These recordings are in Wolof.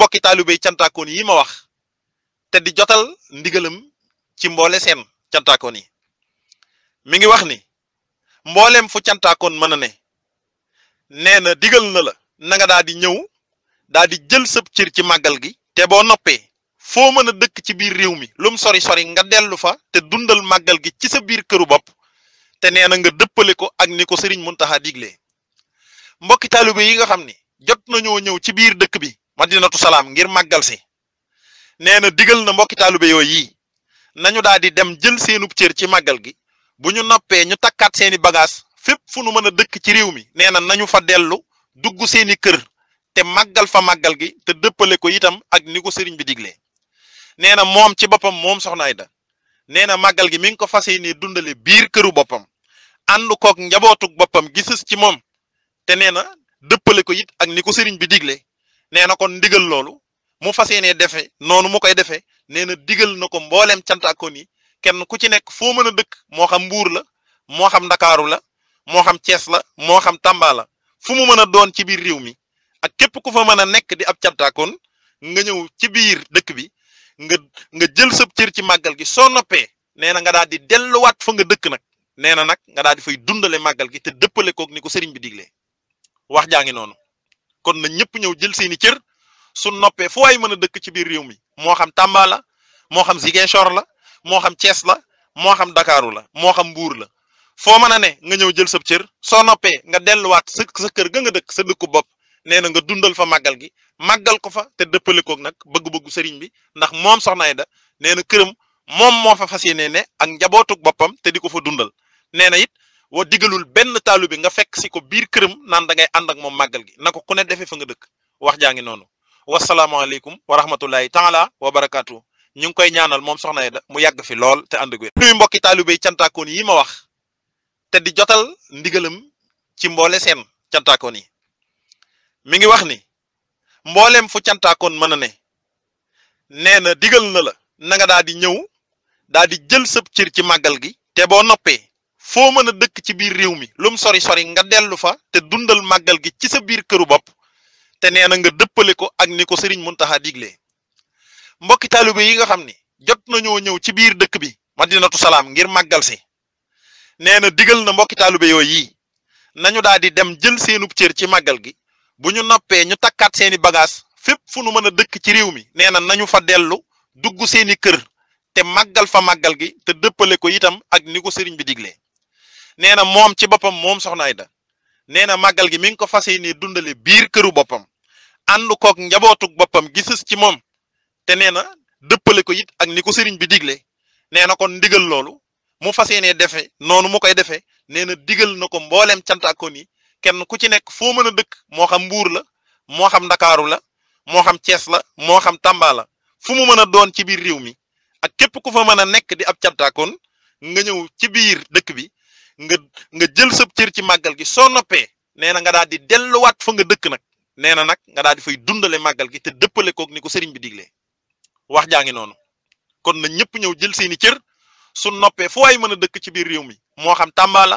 mbokki taalibey cantaakoon yi ma wax te di jotal ndigalam ci mboole seen cantaakoon yi mi ngi wax ni mboolem fu cantaakoon mën a ne nee na digal na la nanga nga di ñëw daa di jël sëb cir ci màggal gi te boo noppee foo mën a dëkk ci biir réew mi lum sori sori nga dellu fa te dundal màggal gi ci sa biir këru bopp te nee na nga dëppale ko ak ni ko sëriñ Muntaxa digle mbokki taalibe yi nga xam ni jot nañoo ñëw ci biir dëkk bi madinatu salaam ngir màggal si nee na digal na mbokki taalube yooyu yi nañu daal di dem jël seenub cër ci màggal gi bu ñu noppee ñu takkaat seeni bagage fépp fu nu mën a dëkk ci réew mi nee na nañu fa dellu dugg seeni kër te màggal fa màggal gi te dëppale ko itam ak ni ko sëriñ bi digle nee na moom ci boppam moom soxna Ayda nee na màggal gi mi ngi ko fas yéene dundale biir këru boppam ànd koog njabootuk boppam gisus ci moom te nee na dëppale ko it ak ni ko sëriñ bi digle nee na kon ndigal loolu mu fas yéenee defe noonu mu koy defee nee na digal na ko mbooleem cant ak yi kenn ku ci nekk foo mën a dëkk moo xam mbuur la moo xam ndakaaru la moo xam cees la moo xam tàmba la fu mu mën a doon ci biir réew mi ak képp ku fa mën a nekk di ab cantaakoon nga ñëw ci biir dëkk bi nga nga jël sab cër ci màggal gi soo noppee nee na nga daal delluwaat fa nga dëkk nag nee na nag nga daal di fay dundale màggal gi te dëppale kook ni ko sëriñ bi digle wax jaa ngi noonu kon na ñëpp ñëw jël seeni cër su noppee fu waay mën a dëkk ci biir réew mi moo xam Tamba la moo xam Ziguinchor la moo xam Thiès la moo xam Dakaaru la moo xam Mbuur la foo mën a ne nga ñëw jël sab cër soo noppee nga delluwaat sa sa kër ga nga dëkk sa dëkku bopp nee na nga dundal fa màggal gi màggal ko fa te dëppale koog nag bëgg-bëggu sëriñ bi ndax moom soxna Aida nee na këram moom moo fa fas yéene ne ak njabootug boppam te di ko fa dundal nee na it wa digalul benn taalu bi nga fekk si ko biir këram naan da ngay ànd ak moom màggal gi na ko ku ne defee fa nga dëkk wax jaa ngi noonu wasalaamaaleykum wa rahmatullahi taala wa barakaatu ñu ngi koy ñaanal moom soxna da mu yàgg fi lool te ànd ak wér nuyu mbokki taalibey cantaakoon yi ma wax te di jotal ndigalam ci mboole seen cantaakoon yi mi ngi wax ni mbooleem fu cantaakoon mën a ne nee na digal na la na nga daal di ñëw daal di jël sëb cër ci màggal gi te boo noppee foo mën a dëkk ci biir réew mi lum sori sori nga dellu fa te dundal màggal gi ci sa biir këru bopp te nee na nga dëppale ko ak ni ko Serigne Mountakha digle mbokki taalibe yi nga xam ni jot nañoo ñëw ci biir dëkk bi Madinatu Salaam ngir màggal si nee na digal na mbokki taalibe yooyu yi nañu daal di dem jël seenub cër ci màggal gi bu ñu noppee ñu takkaat seeni bagage fépp fu nu mën a dëkk ci réew mi nee na nañu fa dellu dugg seeni kër te màggal fa màggal gi te dëppale ko itam ak ni ko sëriñ bi diglee nee na moom ci boppam moom soxna Aida nee na màggal gi mi ngi ko fas ne dundale biir këru boppam ànd koog njabootug boppam gisus ci moom te nee na dëppale ko it ak ni ko sëriñ bi digle nee na kon ndigal loolu mu fas ne defe noonu mu koy defee nee na digal na ko mbooleem cant ak yi kenn ku ci nekk foo mën a dëkk moo xam mbuur la moo xam ndakaaru la moo xam cees la moo xam tàmba la fu mu mën a doon ci biir réew mi ak képp ku fa mën a nekk di ab cantaakoon nga ñëw ci biir dëkk bi nga nga jël sa cër ci màggal gi soo noppee nee na nga daal di delluwaat fa nga dëkk nag nee na nag nga daal di fay dundale màggal gi te dëppale koog ni ko sëriñ bi diglee wax jaa ngi noonu kon na ñëpp ñëw jël seeni cër su noppee foo ay mën a dëkk ci biir réew mi moo xam Tamba la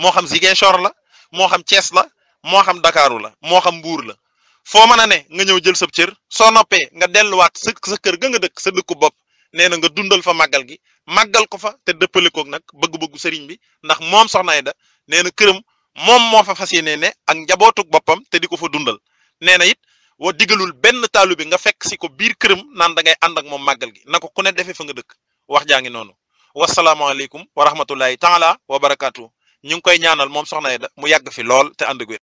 moo xam Ziguinchor la moo xam Thiès la moo xam Dakaaru la moo xam Mbuur la foo mën a ne nga ñëw jël sa cër soo noppee nga delluwaat sa sa kër ga nga dëkk sa dëkku bopp nee na nga dundal fa màggal gi màggal ko fa te dëppale koog nag bëgg-bëggu sëriñ bi ndax moom soxna da nee na këram moom moo fa fas yéene ne ak njabootug boppam te di ko fa dundal nee na it wa digalul benn taalu bi nga fekk si ko biir këram naan dangay ànd ak moom màggal gi na ko ku ne defee fa nga dëkk wax jaa ngi noonu wasalaamaaleykum wa rahmatullahi taala wa barakaatu ñu ngi koy ñaanal moom soxna Aida mu yàgg fi lool te ànd gu